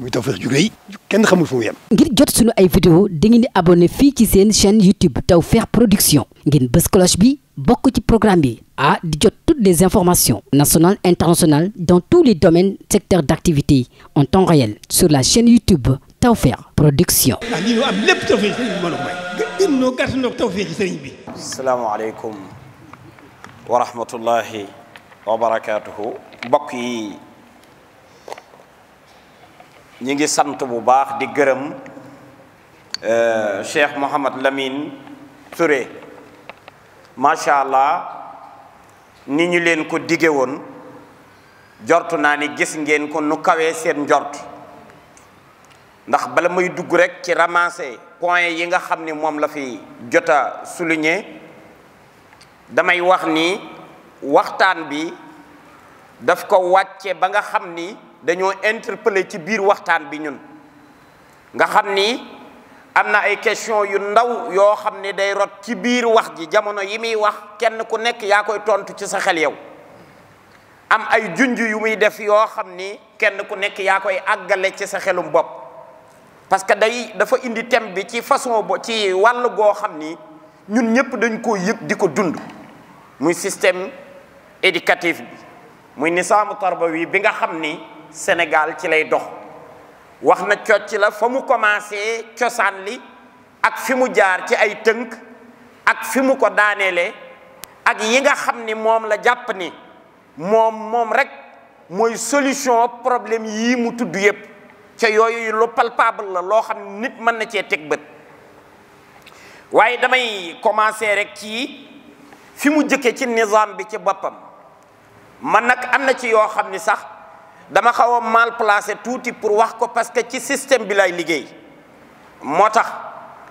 muy Tawfekh ju ngir jot sunu ay vidéo dangeen di abonné fii ci seen chaîne YouTube Tawfekh Production ngeen bës cloche bi bokk ci programme bi ah di jot toutes des informations nationales internationales dans tous les domaines secteurs d'activité en temps réel sur la chaîne YouTube Tawfekh Production. ah lii am lépp Tawfekh sëriñ bi mën a may. gën noo gàtt noo Tawfekh sëriñ bi. salaamaaleykum wa rahmatullahi wa barakaatuhu. mbokk yi. ñi ngi sant bu baax di gërëm euh, Cheikh Mouhamad Lamine sure macha allah ni ñu leen ko dige woon jortu naa ni gis ngeen ko nu kawee seen njort ndax bala may dugg rek ci ramasser point yi nga xam ni moom la fi jot a damay wax ni waxtaan bi daf ko wàcce ba nga xam ni dañoo interpellé ci biir waxtaan bi ñun nga xam ni am na ay question yu ndaw yoo xam ni day rot ci biir wax ji jamono yi muy wax kenn ku nekk yaa koy tontu ci sa xel yow am ay junj yu muy def yoo xam ni kenn ku nekk yaa koy àggale ci sa xelum bopp parce que day dafa indi thème bi ci façon bo ci wàll goo xam ni ñun ñëpp dañ koo yëg di ko dund muy système éducatif bi muy nisaamu tarbawi bi nga xam ni Sénégal ci lay dox wax na cocc la fa mu commencé cosaan li ak fi mu jaar ci ay tënk ak fi mu ko daaneele ak yi nga xam ni moom la jàpp ni moom moom rek mooy solution problème yii mu tudd yépp ca yooyu lu palpable la loo xam nit mën na cee teg bët waaye damay commencer rekk ci fi mu jëkke ci nizam bi ci boppam man nag am na ci yoo xam ni sax dama xaw a mal placé tuuti pour wax ko parce que ci système bi lay liggéey moo tax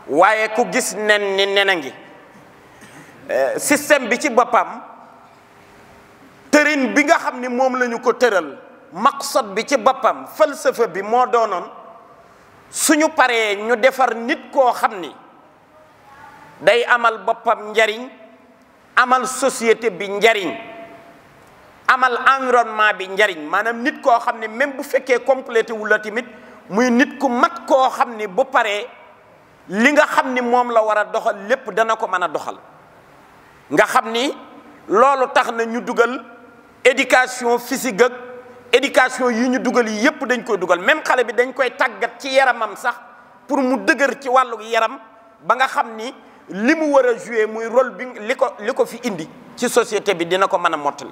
waaye ku gis nen ni nen a ngi euh, système bi ci boppam tërin bi nga xam ni moom lañu ko tëral maqsad bi ci boppam falsafa bi moo doonoon suñu paree ñu defar nit koo xam ni day amal boppam njariñ amal société bi njariñ amal environnement bi njariñ maanaam nit koo xam ne même bu fekkee complété wu la tamit muy nit ku mat koo xam ni bu paree li nga xam ni moom la war a doxal lépp dana ko mën a doxal nga xam ni loolu tax na ñu dugal éducation physique ak éducation yi ñu dugal yi yépp dañ koy dugal même xale bi dañ koy tàggat ci yaramam sax pour mu dëgër ci wàllu yaram ba nga xam ni li mu war a jouer muy rôle bi li ko li ko fi indi ci société bi dina ko mën a mottali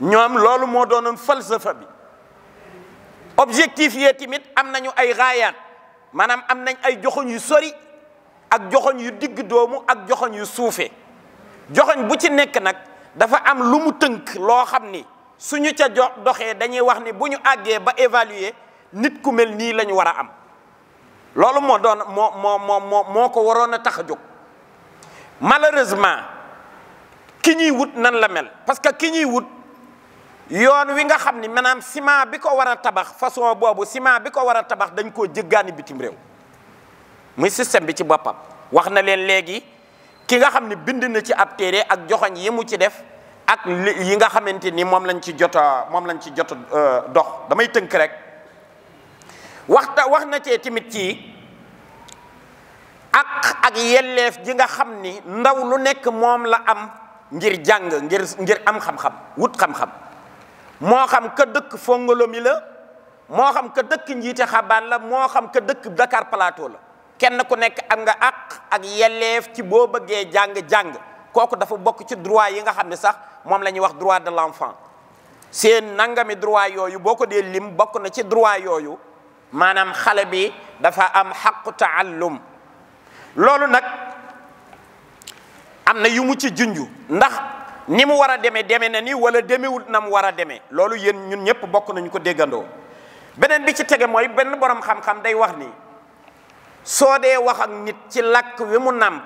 ñoom loolu moo doonoon falsafa bi objectif yee tamit am nañu ay raayaat maanaam am nañ ay joxoñ yu sori ak joxoñ yu digg doomu ak joxoñ yu suufee joxoñ bu ci nekk nag dafa am lu mu tënk loo xam ni suñu ca jox doxee dañuy wax ni bu ñu àggee ba évaluer nit ku mel nii lañu war a am loolu moo doon moo moo moo moo ko waroon a tax a jóg malheureusement ki ñuy wut nan la mel parce que ki ñuy wut yoon wi nga xam ni maanaam ciment bi ko war a tabax façon boobu ciment bi ko war a tabax dañ koo jëggaani bitim réew muy système bi ci boppam wax na leen léegi ki nga xam ni bind na ci ab téere ak joxoñ yi ci def ak yi nga xamante ni moom lañ ci jot moom lañ ci jota euh, dox damay tënk rek waxta wax na cee tamit ci ak ak yelleef ji nga xam ni ndaw lu nekk moom la am ngir jàng ngir ngir am xam-xam wut xam-xam moo xam ka dëkk Fongolomi la moo xam ka dëkk njiite xabaan la moo xam ka dëkk Dakar Plateau la kenn ku nekk am nga àq ak yelleef ci boo bëggee jàng-jàng kooku dafa bokk ci droit yi nga xam ne sax moom la ñuy wax droit de l'enfant seen nangami droit yooyu boo ko dee lim bokk na ci droit yooyu maanaam xale bi dafa am xaqu taallum loolu nag am na yu mu ci junju ndax ni mu war a demee demee na ni wala demewut na mu war a demee loolu yéen ñun ñëpp bokk nañu ko déggandoo beneen bi ci tege mooy benn borom xam-xam day wax ni soo dee wax ak nit ci làkk wi mu nàmp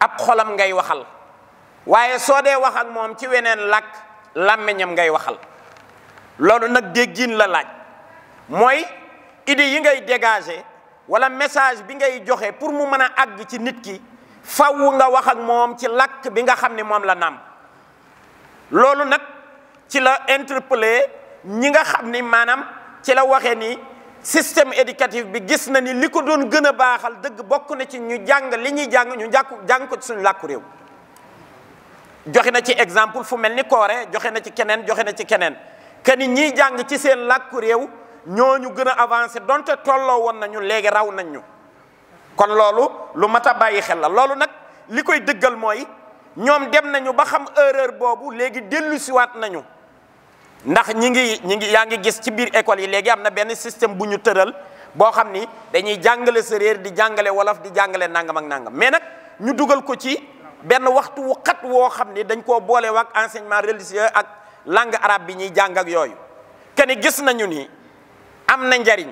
ab xolam ngay waxal waaye soo dee wax ak moom ci weneen làkk làmmiñam ngay waxal loolu nag déggin la laaj mooy idée yi ngay dégager wala message bi ngay joxe pour mu mën a àgg ci nit ki faw nga wax ak moom ci làkk bi nga xam ne moom la nàmp loolu nag ci la interpellé ñi nga xam ni maanaam ci la waxee ni système éducatif bi gis na ni li ko doon gën a baaxal dëgg bokk na ci ñu jàng li ñuy jàng ñu jàkku jàng ko ci suñu làkku réew joxe na ci exemple fu mel ni Corée joxe na ci keneen joxe na ci keneen que ni ñiy jàng ci seen làkku réew ñooñu gën a avancé donte tolloo woon nañu léegi raw nañ ñu kon loolu lu mat a bàyyi xel la loolu nag li koy dëggal mooy. ñoom dem nañu ba xam erreur boobu léegi dellu siwaat nañu ndax ñi ngi ñi ngi yaa ngi gis ci biir école yi léegi am na benn système bu ñu tëral boo xam ni dañuy jàngale sa réer di jàngale wolof di jàngale nangam ak nangam mais nag ñu dugal ko ci benn waxtu wu xat woo xam ni dañ koo boole ak enseignement religieux ak langue arab bi ñuy jàng yooyu keni gis nañu ni am na njariñ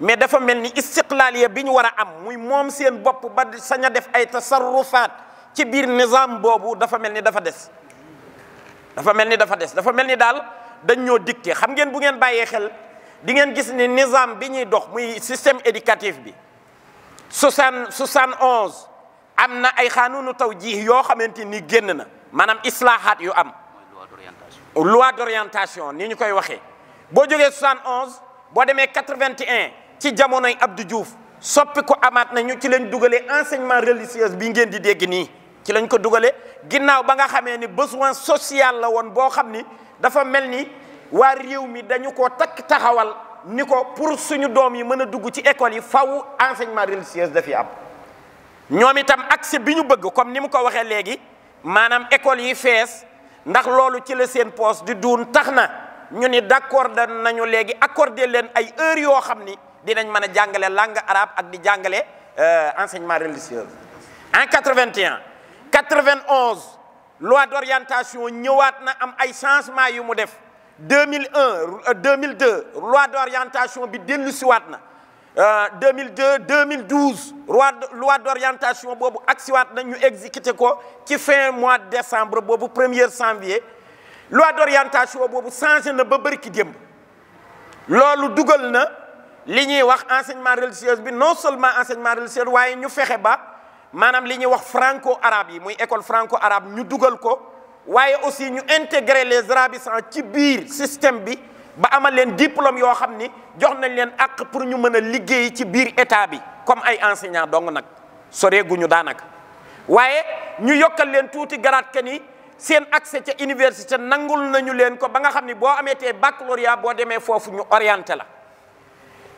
mais dafa mel ni istiqlaaliya bi ñu war a am muy moom seen bopp ba sañ a def ay tasarrufaat ci biir nizaam boobu dafa mel ni dafa des dafa mel ni dafa des dafa mel ni daal dañ ñoo dicté xam ngeen bu ngeen bàyyee xel di ngeen gis ni nizaam bi ñuy dox muy système éducatif bi soixante soixante onze am na ay xaanunu taw jii yoo xamante ni génn na maanaam islaahaat yu am loi d'orientation ni ñu koy waxee boo jógee soixante onze boo demee quatre-vingt-un ci jamonoy Abdou Diouf soppi ko amaat nañu ci leen dugalee enseignement religieux bi ngeen di dégg nii ci lañ ko dugalee ginnaaw ba nga xamee ni besoin social la woon boo xam ni dafa mel ni waa réew mi dañu ko takk taxawal ni ko pour suñu doom yi mën a dugg ci école yi faw enseignement religieux dafi am ñoom itam accès bi ñu bëgg comme ni mu ko waxee léegi maanaam école yi fees ndax loolu ci la seen poste di duun tax na ñu ni d'accord nañu léegi accordé leen ay heure yoo xam ni dinañ mën a jàngale langue arabe ak di jàngale euh, enseignement religieux en 81 91 loi d'orientation ñëwaat na am ay changement yu mu def 2001 2002 loi d'orientation bi dellusiwaat na 2002 euh, 2012 loi loi d'orientation boobu agsiwaat na ñu exécuté ko ci fin mois de décembre boobu premier janvier loi d'orientation boobu changé na ba bëri ki loolu dugal na li ñuy wax enseignement religieux bi non seulement enseignement religieux waaye ñu fexe ba maanaam li ñuy wax franco arabe yi muy école franco arabe ñu dugal ko waaye aussi ñu intégrer les arabisants ci biir système bi ba amal leen diplôme yoo xam ni jox nañ leen ak pour ñu mën a liggéey ci biir état bi comme ay enseignant dong nag soree gu ñu daanaka waaye ñu yokkal leen tuuti garaat ke ni seen accès ca université nangul nañu leen ko ba nga xam ni boo amee ameetee baccalauréat boo demee foofu ñu orienté la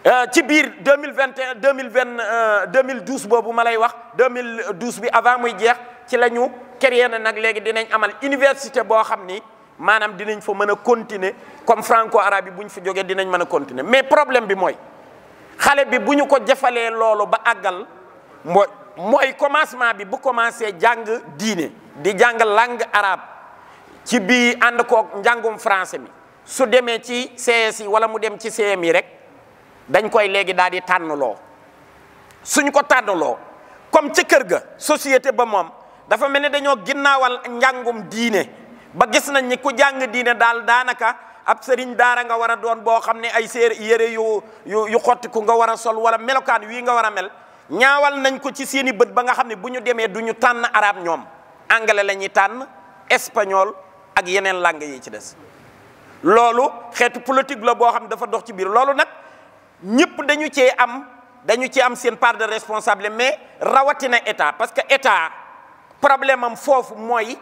Euh, ci biir 2021 2020 2012 boobu ma lay wax 2012 bi avant muy jeex ci la ñu créé na nag léegi dinañ amal université boo xam ni maanaam dinañ fa mën a continuer comme franco arabe yi bu ñu fa jogee dinañ mën a continuer mais problème bi mooy xale bi bu ñu ko jafalee loolu ba àggal mooy mooy commencement bi bu commencé jàng diine di jàng langue arabe ci bii ànd koog njàngum français mi su demee ci CS yi wala mu dem ci CM yi rek. dañ koy léegi daal di tànnloo suñ ko tànnloo comme ca kër ga societé ba moom dafa mel ni dañoo ginnaawal njàngum diine ba gis nañ ni ku jàng diine daal daanaka ab sëriñ daara nga war a doon boo xam ne ay séer yére yu yu yu xottiku nga war a sol wala melokaan wii nga war a mel ñaawal nañ ko ci seeni bët ba nga xam ne bu ñu demee duñu ñu tànn arab ñoom anglais la ñuy tànn espagnol ak yeneen làng yi ci des loolu xeetu politique la boo xam dafa dox ci biir loolu nag ñëpp dañu cee am dañu ci am seen part de responsable mais rawatina état parce que état problème am foofu mooy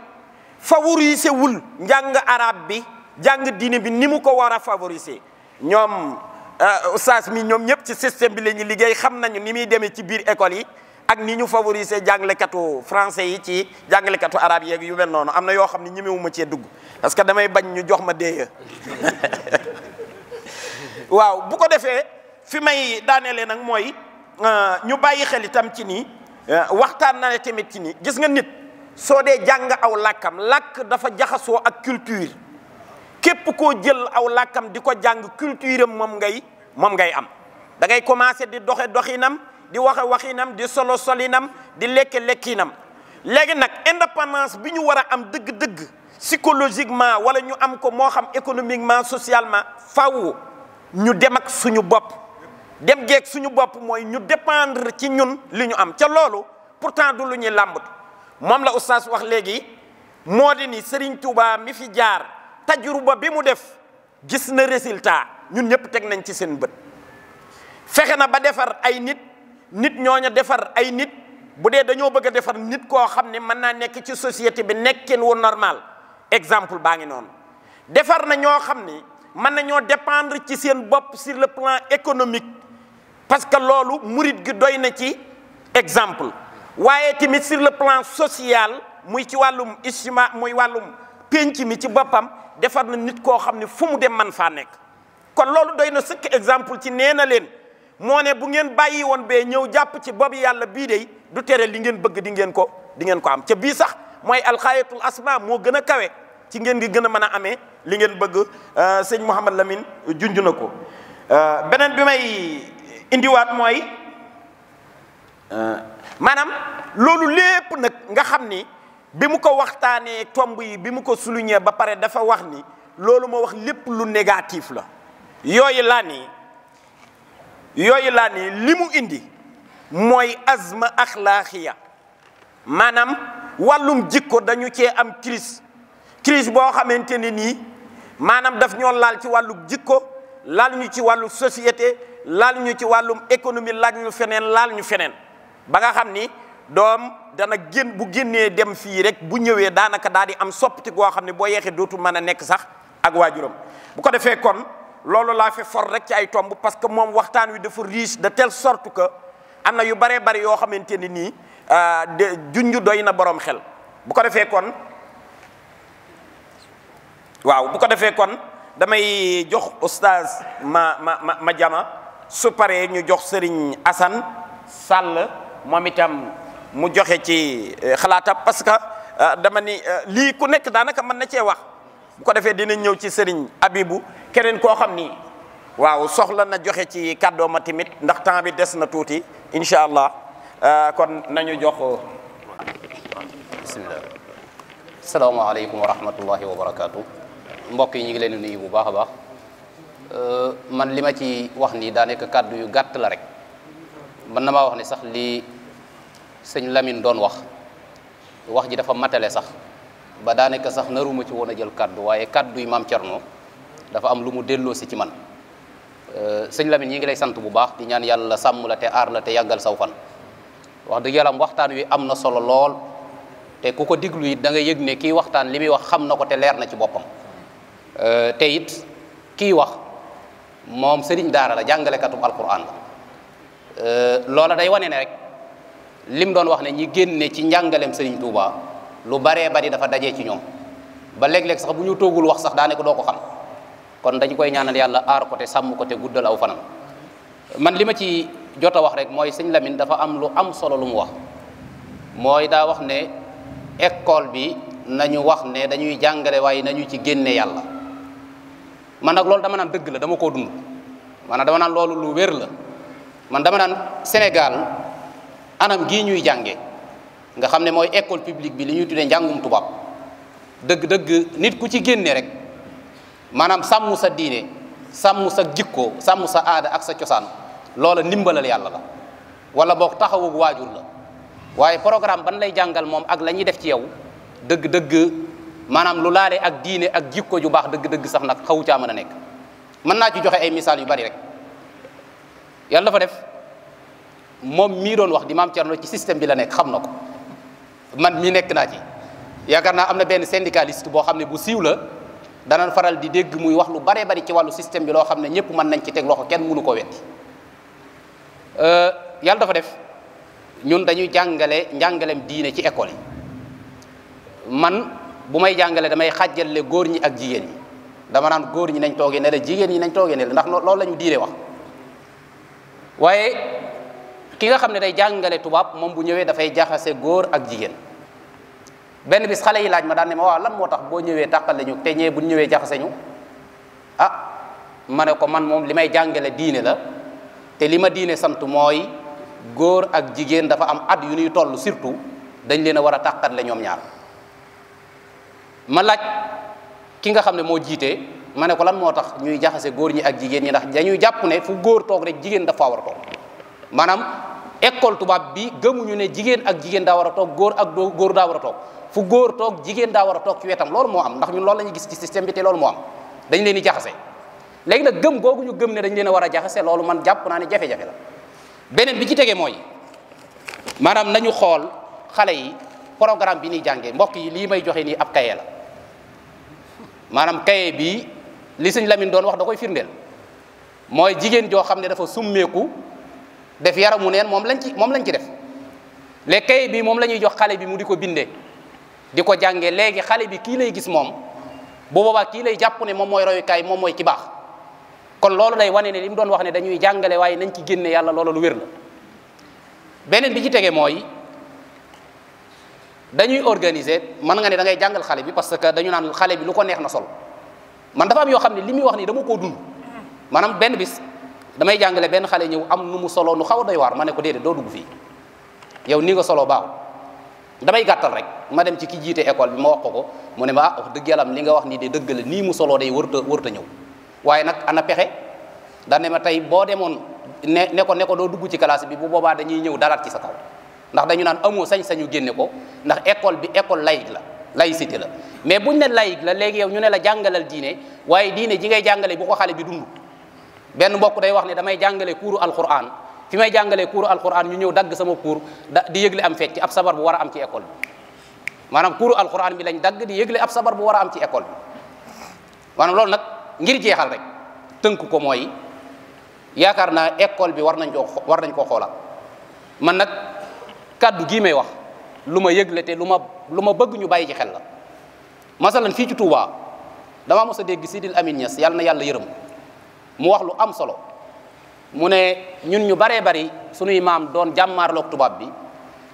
favoriser wul njàng arabe bi jàng diine bi ni mu ko war a favoriser ñoom euh, ustaas mi ñoom ñëpp ci système bi la liggéey xam nañu ni muy demee ci biir école yi ak ni ñu favoriser jàngalekatu français yi ci jàngalekatu arabe yeeg yu mel noonu am na yoo xam ne ñemewuma cee dugg parce que damay bañ ñu jox ma dee waaw bu ko defee. fi may daanelee nag mooy euh, ñu bàyyi xel itam ci nii euh, waxtaan na ne tamit ci nii gis nga nit soo dee jàng aw làkkam làkk dafa jaxasoo ak culture képp koo jël aw làkkam di ko jàng culture am moom ngay moom ngay am da ngay commencé di doxe doxinam di waxe waxinam di solo solinam di lekke lekkinam léegi nag indépendance bi ñu war a am dëgg-dëgg psychologiquement wala ñu am ko moo xam économiquement socialement faw ñu dem ak suñu bopp dem géeg suñu bopp mooy ñu dépendre ci ñun li ñu am ca loolu pourtant du lu ñuy làmbatu moom la oustaz wax léegi moo di ni Serigne Touba mi fi jaar tajruba bi mu def gis na résultat ñun ñëpp teg nañ ci seen bët fexe na ba defar ay nit nit ñooña defar ay nit bu dee dañoo bëgg a defar nit koo xam ne mën naa nekk ci société bi nekkin wu normal exemple baa ngi noonu defar na ñoo xam ni mën nañoo dépendre ci seen bopp sur le plan économique parce que loolu murit gi doy na ci exemple waaye tamit sur le plan social muy ci wàllum istima muy wàllum penc mi ci boppam defar na nit koo xam ne fu mu dem man faa nekk kon loolu doy na sëkk exemple ci nee na leen moo ne bu ngeen bàyyi woon bee ñëw jàpp ci boobu yàlla bii dey du tere li ngeen bëgg di ngeen ko di ngeen ko am ca bii sax mooy alxaayatul asma moo gën a kawe ci ngeen gi gën a mën a amee li ngeen bëgg euh, sëñ Mouhamad Lamine junj na ko euh, beneen indiwaat mooy euh, maanaam loolu lépp nag nga xam ni bi mu ko waxtaanee tomb yi bi mu ko suluñee ba pare dafa wax ni loolu ma wax lépp lu négatif la yooyu laa yooyu laa li mu indi mooy azma axlaaxiya maanaam wàllum jikko dañu cee am crise crise boo xamante ne nii maanaam daf ñoo laal ci wàllu jikko laal ñu ci wàllu société laal ñu ci wàllum économie laal ñu feneen laal ñu feneen ba nga xam ni doom dana génn bu génnee dem fii rek bu ñëwee daanaka daal di am soppiti goo xam ne boo yeexee dootu mën a nekk sax ak waajuram bu ko defee kon loolu laa fi for rek ci ay tomb parce que moom waxtaan wi dafa riche de telle sorte que am na yu baree bari yoo xamante ni nii euh, de junj doy na boroom xel bu ko defee kon waaw bu ko defee kon damay jox oustaz ma ma ma ma jama su ñu jox sëriñ Assane Sall moom itam mu joxe ci euh, xalaatam parce que euh, dama ni euh, lii ku nekk daanaka mën na cee wax bu ko defee dina ñëw ci sëriñ Abibu keneen koo xam ni waaw soxla na joxe ci kàddooma tamit ndax temps bi des na tuuti incha allah kon nañu jox. bismillah salaamaaleykum wa rahmatullahi wa barakaatu mbokk yi ñu ngi leen di bu baax a baax. Euh, man li ma ci wax nii daa nekk kàddu yu gàtt la rek mën na maa wax ni sax lii sëñ Lamine doon wax wax ji dafa matale sax ba daa nekk sax naruma ci woon a jël kàddu waaye kàddu yi maam Thierno dafa am lu mu delloo si ci man euh, sëñ Lamine ñi ngi lay sant bu baax di ñaan yàlla sàmm la te aar la te yàggal saw fan wax dëgg yàlla waxtaan wi am na solo lool te ku ko diglu it danga yëg ne kii waxtaan li muy wax xam na ko te leer na ci boppam euh, te it wax moom sëriñ daara la jàngalekatub alquran la euh, loola day wane ne rek lim doon wax ne ñi génne ci njàngaleem sëriñ Touba lu baree bari dafa daje ci ñoom ba léeg-léeg sax bu ñu toogul wax sax daanaka doo ko xam kon dañ koy ñaanal yàlla aar ko te sàmm ko te guddal aw fanam man li ma ci jot a wax rek mooy sëñ Lamine dafa am lu am solo lu mu wax mooy daa wax ne école bi nañu wax ne dañuy jàngale waaye nañu ci génne yàlla man nag loolu dama naan dëgg la dama koo dund maanaam dama naan loolu lu wér la man dama naan Sénégal anam gii ñuy jànge nga xam ne mooy école publique bi li ñuy tuddee njàngum tubaab dëgg-dëgg nit ku ci génne rek maanaam sàmm sa diine sàmm sa jikko sàmm sa aada ak sa cosaan loola ndimbalal yàlla la wala boog taxawug waajur la waaye programme ban lay jàngal moom ak la ñuy def ci yow dëgg-dëgg maanaam lu laale ak diine ak jikko ju baax dëgg-dëgg sax nag xawu caa mën a nekk mën naa ci joxe ay misaal yu bari rek yàlla dafa def moom mii doon wax di maam Thierno ci système bi la nekk xam na ko man mii nekk naa ci yaakaar naa am na benn syndicaliste boo xam ne bu siiw la dana faral di dégg muy wax lu bare bari ci wàllu système bi loo xam ne ñëpp mën nañ ci teg loxo kenn mënu ko wetti euh, yàlla dafa def ñun dañuy jàngale njàngalem diine ci école yi man. bu may jàngale damay xàjjale góor ñi ak jigéen ñi dama naan góor ñi nañ toogee ne jigéen ñi nañ toogee ne la ndax loolu la ñu diine wax waaye ki nga xam ne day jàngale tubaab moom bu ñëwee dafay jaxase góor ak jigéen benn bis xale yi laaj ma daan ne ma waaw lan moo tax boo ñëwee tàqale ñu te ñee bu ñëwee jaxase ñu ah ma ne ko man moom li may jàngale diine la te li ma diine sant mooy góor ak jigéen dafa am at yu ñuy toll surtout dañ leen a war a tàqatle ñoom ñaar ma laaj ki nga xam ne moo jiitee ma ne ko lan moo tax ñuy jaxase góor ñi ak jigéen ñi ndax dañuy jàpp ne fu góor toog rek jigéen dafa war a toog maanaam ecole tubaab bi gëmuñu ne jigéen ak jigéen daa war a toog góor ak góor daa war a toog fu góor toog jigéen daa war a toog ci wetam loolu moo am ndax ñun loolu la gis ci système bi te loolu moo am dañ leen di jaxase léegi nag gëm googu ñu gëm ne dañu leen a war a jaxase loolu man jàpp naa ne jafe-jafe ci tege mooy maanaam nañu xool xale yi programme bi ñuy jàngee mbokk yi lii may joxe nii ab kaye la maanaam kaye bii li sëñ Lamine doon wax da koy firndeel mooy jigéen joo xam ne dafa summeeku def yaramu neen moom lañ ci moom lañ ci def léegi kaye bii moom la ñuy jox xale bi mu di ko bindee di ko jàngee léegi xale bi kii lay gis moom bu boobaa kii lay jàpp ne moom mooy royukaay moom mooy ci baax kon loolu day wane ne li mu doon wax ne dañuy jàngale waaye nañ ci génne yàlla loolu lu wér la beneen bi ci tege mooy. dañuy organiser mën nga ne da ngay jàngal xale bi parce que dañu naan xale bi lu ko neex na sol man dafa am yoo xam ne li muy wax nii dama koo dund maanaam benn bis damay jàngale benn xale ñëw am nu mu soloo nu xaw a doy ma ne ko déedéet doo dugg fii yow nii nga soloo baaw damay gàttal rek ma dem ci ki jiite école bi ma wax ko ko mu ne ma ah yàlla li nga wax nii de dëgg la nii mu soloo day wërta wërta ñëw waaye nag ana pexe daan ne ma tey boo demoon ne ne ko doo dugg ci classe bi bu boobaa dañuy ñëw dalaat ci sa kaw ndax dañu naan amoo sañ-sañu génne ko ndax école bi école laïque la lay laïcité la mais buñ ne laïque la léegi yow ñu ne la jàngalal diine waaye diine ji ngay jàngale bu ko xale bi dund benn mbokk day wax ne damay jàngale kuuru alquran fi may jàngalee kuuru alquran ñu ñëw dagg sama kuur di yëgle am fecc ab sabar bu war am ci école maanaam kuuru alquran bi lañ dagg di yëgle ab sabar bu war am ci école bi maanaam lool nag ngir jeexal rek tënk ko mooy yaakaar naa école bi war nañ koo war nañ koo xoolaat kàddu gii may wax lu ma yëgle te lu ma lu ma bëgg ñu bàyyi ci xel la masalan fii ci tuubaa dama mos a dégg Sidil Amin Niass yàlla na yàlla yërëm mu wax lu am solo mu ne ñun ñu baree bari sunuy maam doon jàmmaarloog tubaab bi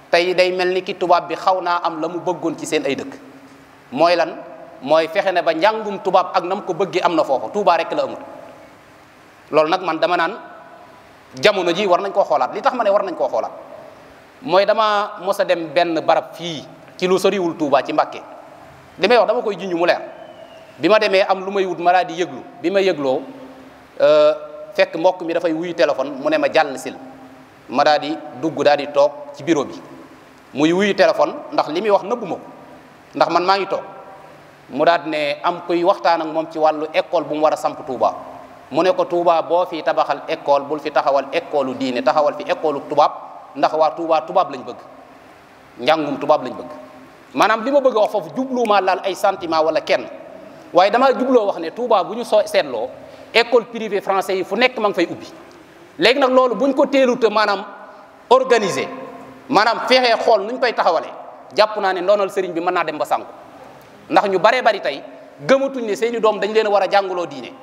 tey day mel ni ki tubaab bi xaw naa am la mu bëggoon ci seen ay dëkk mooy lan mooy fexe ne ba njàngum tubaab ak nam ko bëggee am na foofa tuubaa rekk la amut loolu nag man dama naan jamono ji war nañ koo xoolaat li tax ma ne war nañ koo xoolaat mooy dama mos a dem benn barab fii ci lu soriwul Touba ci Mbàkke li may wax dama koy junj mu leer bi ma demee am lu may wut maladie yëglu bi ma yëgloo euh, fekk mbokk mi dafay wuy téléphone mu ne ma jàll sil ma di dugg daal di toog ci bureau bi muy wuyu téléphone ndax li muy wax nëbbu ma ko ndax man maa ngi toog mu daal di ne am kuy waxtaan ak moom ci wàllu école bu mu war a samp Touba mu ne ko Touba boo fi tabaxal école bul fi taxawal école diine taxawal fi école tubaab. ndax waa Touba tubaab lañ bëgg njàngum tubaab lañ bëgg maanaam li ma bëgg a wax foofu jubluumaa laal ay sentiment wala kenn waaye damaa jubloo wax ne Touba bu ñu soo seetloo école privée français yi fu nekk ma ngi fay ubbi léegi nag loolu bu ñu ko teeluta maanaam organiser maanaam fexee xool nuñ koy taxawalee jàpp naa ne ndoonal sëriñ bi mën naa dem ba sànku ndax ñu baree bari tey gëmatuñ ne seeni doom dañu leen war a jàngaloo diine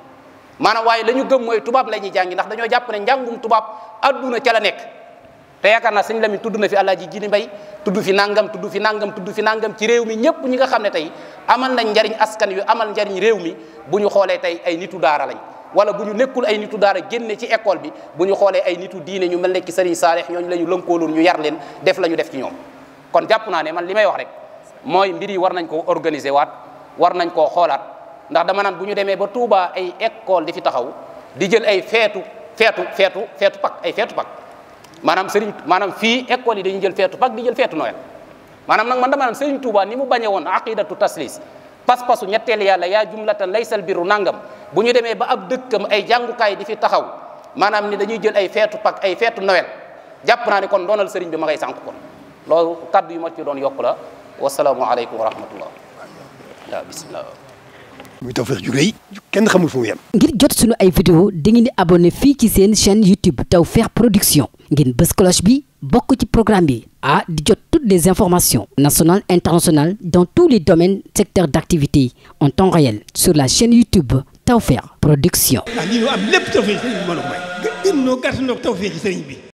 maanaam waaye la gëm mooy tubaab la ñuy jàngi ndax dañoo jàpp ne njàngum tubaab adduna ca la nekk te yaakaar naa sëñ Lamine tudd na fi Alaaji ji Mbay tudd fi nangam tudd fi nangam tudd fi nangam ci réew mi ñëpp ñi nga xam ne tey amal nañ njariñ askan yu amal njariñ réew mi bu ñu xoolee tey ay nitu daara lañ wala bu ñu nekkul ay nitu daara génne ci école bi bu ñu xoolee ay nitu diine ñu mel ne ki sëriñ Saalix ñooñu la ñu lënkooloon ñu yar leen def la ñu def ci ñoom kon jàpp naa ne man li may wax rek mooy mbir yi war nañ ko organiser waat war nañ koo xoolaat ndax dama naan bu ñu demee ba Touba ay école di fi taxaw di jël ay feetu feetu feetu feetu pak ay feetu pak maanaam sëriñ maanaam fii école yi dañuy jël feetu Pâques di jël feetu Noël maanaam nag man dama naan sëriñ Touba ni mu bañe woon aqidatu taslis pas-pasu ñetteel yàlla yaa jumlatan laysal biru nangam bu ñu demee ba ab dëkkam ay jàngukaay di fi taxaw maanaam ni dañuy jël ay feetu Pâques ay feetu Noël jàpp naa ni kon doonal sëriñ bi ma ngay sànq kon loolu kaddu yu ma ci doon yokk la wasalaamu aleykum wa rahmatullah waaw bisimilah muy Tawfekh ju rëy kenn ay vidéo di ngeen fii ci seen chaîne YouTube Tawfekh Production ngeen bës cloche bi bokk ci programme bi ah di jot toutes les informations nationales internationales dans tous les domaines secteurs d'activité en temps réel sur la chaîne YouTube Tawfekh Production. ah lii loo